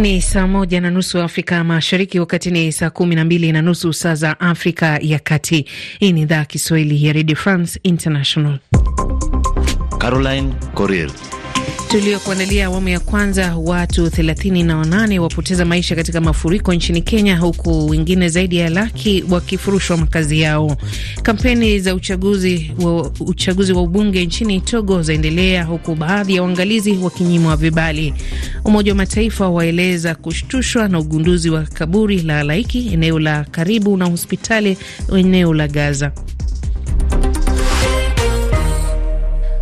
Ni saa moja na nusu Afrika Mashariki, wakati ni saa kumi na mbili na nusu saa za Afrika ya Kati. Hii ni idhaa Kiswahili ya Radio France International. Caroline Corrier Tuliokuandalia awamu ya kwanza. Watu 38 wapoteza maisha katika mafuriko nchini Kenya, huku wengine zaidi ya laki wakifurushwa makazi yao. Kampeni za uchaguzi wa, uchaguzi wa ubunge nchini Togo zaendelea huku baadhi ya waangalizi wakinyimwa vibali. Umoja wa Mataifa waeleza kushtushwa na ugunduzi wa kaburi la halaiki eneo la karibu na hospitali eneo la Gaza.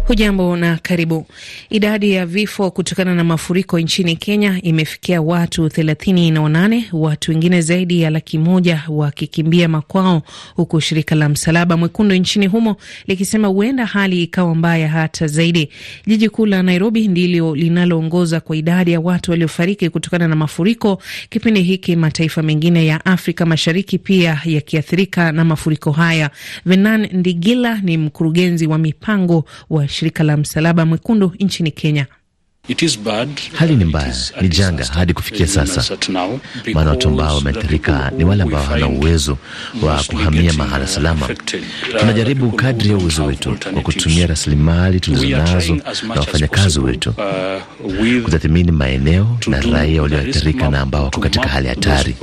Hujambo na karibu. Idadi ya vifo kutokana na mafuriko nchini Kenya imefikia watu thelathini na wanane, watu wengine zaidi ya laki moja wakikimbia makwao, huku shirika la Msalaba Mwekundu nchini humo likisema huenda hali ikawa mbaya hata zaidi. Jiji kuu la Nairobi ndilo linaloongoza kwa idadi ya watu waliofariki kutokana na mafuriko, kipindi hiki mataifa mengine ya Afrika Mashariki pia yakiathirika na mafuriko haya. Venan Ndigila ni mkurugenzi wa mipango wa shirika la Msalaba Mwekundu nchini Kenya. It is bad, hali ni mbaya, ni janga hadi kufikia sasa, maana watu ambao wameathirika ni wale ambao hawana uwezo wa kuhamia mahala salama. Tunajaribu kadri ya uwezo wetu kwa kutumia rasilimali tulizonazo na wafanyakazi wetu uh, kutathimini maeneo na raia walioathirika na ambao wako katika hali hatari.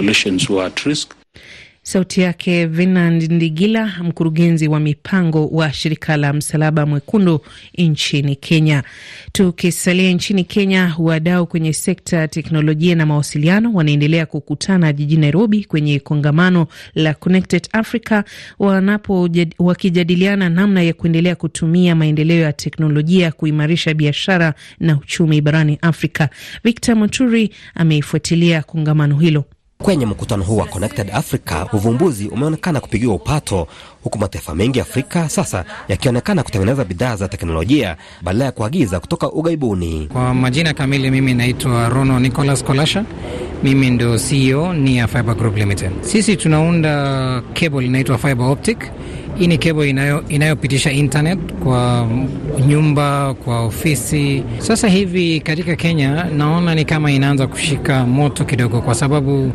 Sauti yake Vinand Ndigila, mkurugenzi wa mipango wa shirika la Msalaba Mwekundu nchini Kenya. Tukisalia nchini Kenya, wadau kwenye sekta ya teknolojia na mawasiliano wanaendelea kukutana jijini Nairobi kwenye kongamano la Connected Africa wanapo wakijadiliana namna ya kuendelea kutumia maendeleo ya teknolojia kuimarisha biashara na uchumi barani Afrika. Victor Moturi ameifuatilia kongamano hilo. Kwenye mkutano huu wa Connected Africa, uvumbuzi umeonekana kupigiwa upato, huku mataifa mengi ya Afrika sasa yakionekana kutengeneza bidhaa za teknolojia badala ya kuagiza kutoka ughaibuni. Kwa majina kamili, mimi naitwa Rono Nicolas Kolasha. Mimi ndio CEO ni ya Fiber Group Limited. Sisi tunaunda cable inaitwa fiber optic hii ni kebo inayo inayopitisha internet kwa nyumba, kwa ofisi. Sasa hivi katika Kenya naona ni kama inaanza kushika moto kidogo, kwa sababu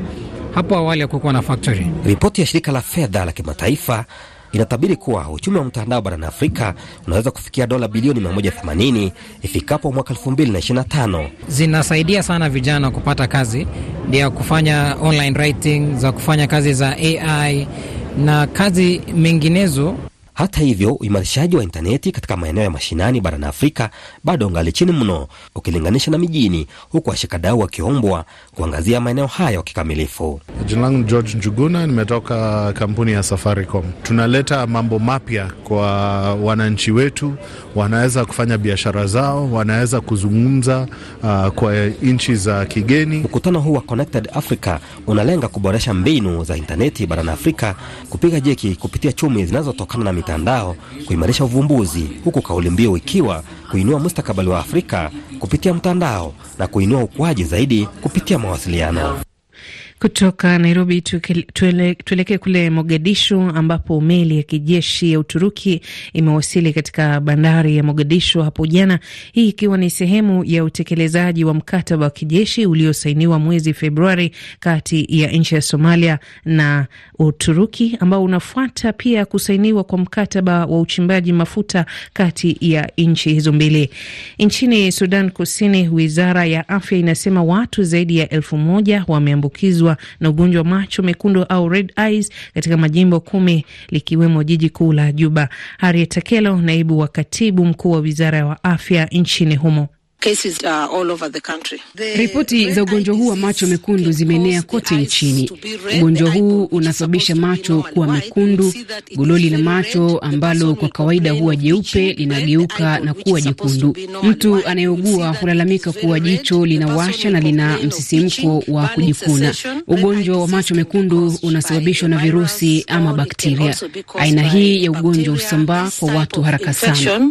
hapo awali hakukuwa na factory. Ripoti ya shirika la fedha la kimataifa inatabiri kuwa uchumi wa mtandao barani Afrika unaweza kufikia dola bilioni 180 ifikapo mwaka 2025. Zinasaidia sana vijana kupata kazi ya kufanya online writing, za kufanya kazi za AI na kazi menginezo hata hivyo, uimarishaji wa intaneti katika maeneo ya mashinani barani Afrika bado ungali chini mno ukilinganisha na mijini, huku washikadau wakiombwa kuangazia maeneo hayo kikamilifu. Jina langu George Njuguna, nimetoka kampuni ya Safaricom. Tunaleta mambo mapya kwa wananchi wetu, wanaweza kufanya biashara zao, wanaweza kuzungumza uh, kwa nchi za kigeni. Mkutano huu wa Connected Africa unalenga kuboresha mbinu za intaneti barani Afrika kupiga jeki kupitia chumi zinazotokana na mitandao kuimarisha uvumbuzi, huku kauli mbiu ikiwa kuinua mustakabali wa Afrika kupitia mtandao na kuinua ukuaji zaidi kupitia mawasiliano. Kutoka Nairobi tuelekee tuele kule Mogadishu ambapo meli ya kijeshi ya Uturuki imewasili katika bandari ya Mogadishu hapo jana, hii ikiwa ni sehemu ya utekelezaji wa mkataba wa kijeshi uliosainiwa mwezi Februari kati ya nchi ya Somalia na Uturuki ambao unafuata pia kusainiwa kwa mkataba wa uchimbaji mafuta kati ya nchi hizo mbili. Nchini Sudan Kusini, wizara ya afya inasema watu zaidi ya elfu moja wameambukizwa kuathiriwa na ugonjwa macho mekundu au red eyes katika majimbo kumi likiwemo jiji kuu la Juba. Harriet Takelo, naibu wa katibu mkuu wa wizara ya afya nchini humo Uh, Ripoti za ugonjwa huu wa macho mekundu zimeenea kote nchini. Ugonjwa huu unasababisha macho kuwa mekundu. Gololi la macho ambalo kwa kawaida huwa jeupe linageuka na kuwa jekundu. Mtu anayeugua hulalamika kuwa jicho linawasha na lina msisimko wa kujikuna. Ugonjwa wa macho mekundu unasababishwa na virusi ama bakteria. Aina hii ya ugonjwa husambaa kwa watu haraka sana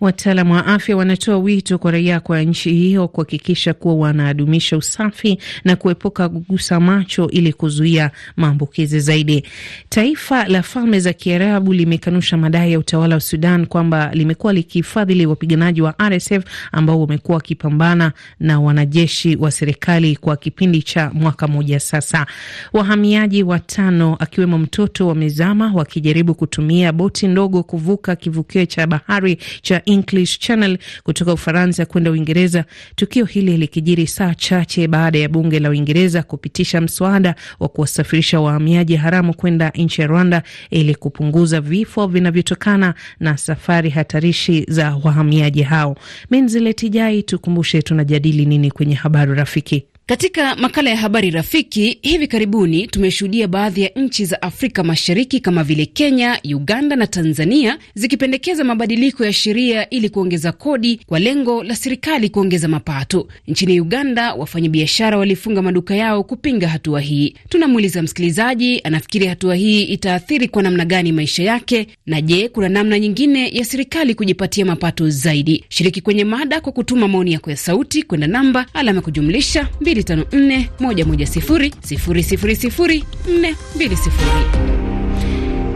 wataalam wa afya wanatoa wito kwa raia kwa nchi hiyo kuhakikisha kuwa wanadumisha usafi na kuepuka kugusa macho ili kuzuia maambukizi zaidi. Taifa la Falme za Kiarabu limekanusha madai ya utawala wa Sudan kwamba limekuwa likifadhili wapiganaji wa RSF ambao wamekuwa wakipambana na wanajeshi wa serikali kwa kipindi cha mwaka mmoja sasa. Wahamiaji watano akiwemo mtoto wamezama wakijaribu kutumia boti ndogo kuvuka kivukio cha bahari cha English Channel kutoka Ufaransa kwenda Uingereza, tukio hili likijiri saa chache baada ya bunge la Uingereza kupitisha mswada wa kuwasafirisha wahamiaji haramu kwenda nchi ya Rwanda ili kupunguza vifo vinavyotokana na safari hatarishi za wahamiaji hao. Minziletijai, tukumbushe tunajadili nini kwenye habari rafiki? Katika makala ya habari rafiki, hivi karibuni tumeshuhudia baadhi ya nchi za Afrika Mashariki kama vile Kenya, Uganda na Tanzania zikipendekeza mabadiliko ya sheria ili kuongeza kodi kwa lengo la serikali kuongeza mapato. Nchini Uganda, wafanyabiashara walifunga maduka yao kupinga hatua hii. Tunamuuliza msikilizaji, anafikiri hatua hii itaathiri kwa namna gani maisha yake, na je, kuna namna nyingine ya serikali kujipatia mapato zaidi? Shiriki kwenye mada kwa kutuma maoni yako ya sauti kwenda namba alama kujumlisha mbili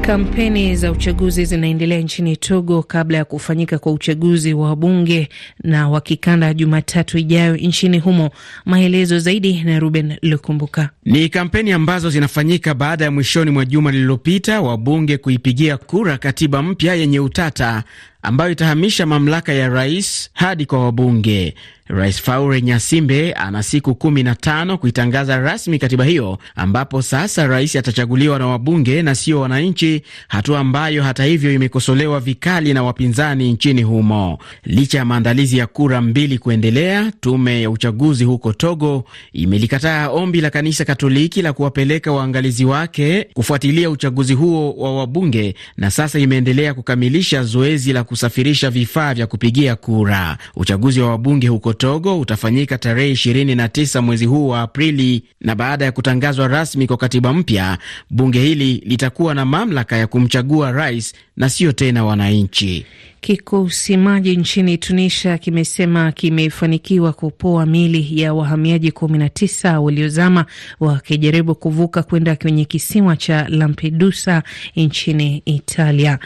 Kampeni za uchaguzi zinaendelea nchini Togo kabla ya kufanyika kwa uchaguzi wa bunge na wa kikanda Jumatatu ijayo nchini humo. Maelezo zaidi na Ruben Lukumbuka. Ni kampeni ambazo zinafanyika baada ya mwishoni mwa juma lililopita wabunge kuipigia kura katiba mpya yenye utata ambayo itahamisha mamlaka ya rais hadi kwa wabunge. Rais Faure Nyasimbe ana siku kumi na tano kuitangaza rasmi katiba hiyo, ambapo sasa rais atachaguliwa na wabunge na sio wananchi, hatua ambayo hata hivyo imekosolewa vikali na wapinzani nchini humo. Licha ya maandalizi ya kura mbili kuendelea, tume ya uchaguzi huko Togo imelikataa ombi la kanisa Katoliki la kuwapeleka waangalizi wake kufuatilia uchaguzi huo wa wabunge, na sasa imeendelea kukamilisha zoezi la kusafirisha vifaa vya kupigia kura. Uchaguzi wa wabunge huko Togo utafanyika tarehe 29 mwezi huu wa Aprili, na baada ya kutangazwa rasmi kwa katiba mpya, bunge hili litakuwa na mamlaka ya kumchagua rais na sio tena wananchi. Kikosi maji nchini Tunisia kimesema kimefanikiwa kupoa mili ya wahamiaji 19 waliozama wakijaribu kuvuka kwenda kwenye kisiwa cha Lampedusa nchini Italia.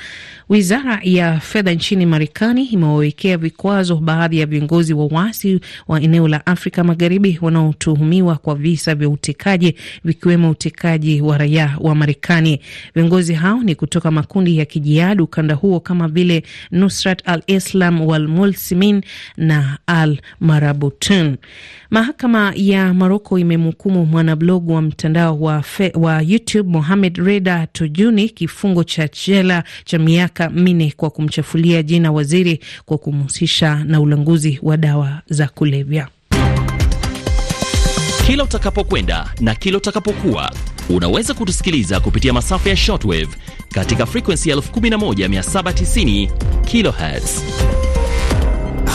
Wizara ya fedha nchini Marekani imewawekea vikwazo baadhi ya viongozi wa uasi wa eneo la Afrika Magharibi wanaotuhumiwa kwa visa vya utekaji, vikiwemo utekaji wa raia wa Marekani. Viongozi hao ni kutoka makundi ya kijiadi ukanda huo kama vile Nusrat al-Islam wal Mulsimin na al Marabutun. Mahakama ya Maroko imemhukumu mwanablogu wa mtandao wa, fe, wa YouTube Mohamed Reda Tujuni kifungo cha jela cha miaka minne kwa kumchafulia jina waziri kwa kumhusisha na ulanguzi wa dawa za kulevya. Kila utakapokwenda na kila utakapokuwa unaweza kutusikiliza kupitia masafa ya shortwave katika frequency 11790 kilohertz.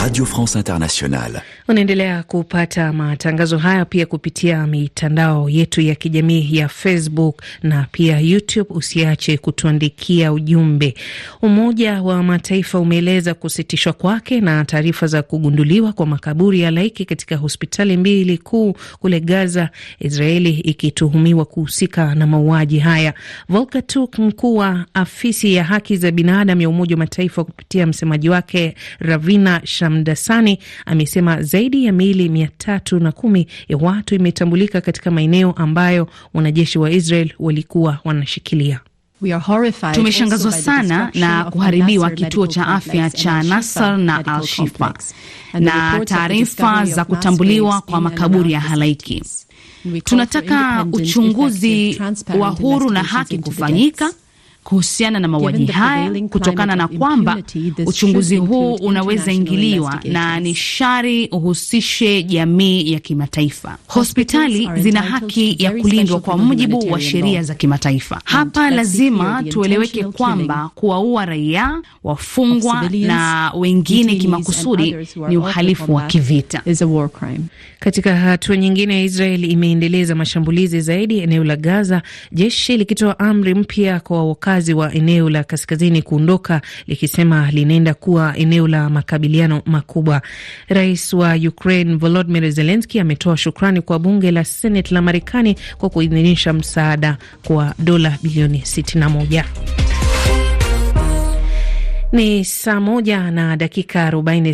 Radio France Internationale. Unaendelea kupata matangazo haya pia kupitia mitandao yetu ya kijamii ya Facebook na pia YouTube. Usiache kutuandikia ujumbe. Umoja wa Mataifa umeeleza kusitishwa kwake na taarifa za kugunduliwa kwa makaburi ya laiki katika hospitali mbili kuu kule Gaza, Israeli ikituhumiwa kuhusika na mauaji haya. Volker Turk, mkuu wa afisi ya haki za binadamu ya Umoja wa Mataifa, kupitia msemaji wake Ravina Shamdasani amesema zaidi ya miili mia tatu na kumi ya watu imetambulika katika maeneo ambayo wanajeshi wa Israel walikuwa wanashikilia. Tumeshangazwa sana na kuharibiwa kituo cha afya cha Nasar na Al Shifa na taarifa za kutambuliwa kwa makaburi ya halaiki. Tunataka uchunguzi wa huru na haki kufanyika kuhusiana na mauaji haya kutokana na kwamba uchunguzi huu unaweza ingiliwa na ni shari uhusishe jamii ya kimataifa. Hospitali zina haki ya kulindwa kwa mujibu wa sheria za kimataifa. Hapa lazima tueleweke kwamba kuwaua raia, wafungwa na wengine kimakusudi ni uhalifu wa kivita. Katika hatua nyingine, Israel imeendeleza mashambulizi zaidi eneo la Gaza, jeshi likitoa amri mpya kwa wakazi wakazi wa eneo la kaskazini kuondoka, likisema linaenda kuwa eneo la makabiliano makubwa. Rais wa Ukraine Volodymyr Zelensky ametoa shukrani kwa bunge la Senate la Marekani kwa kuidhinisha msaada kwa dola bilioni 61. Ni saa moja na dakika arobaini.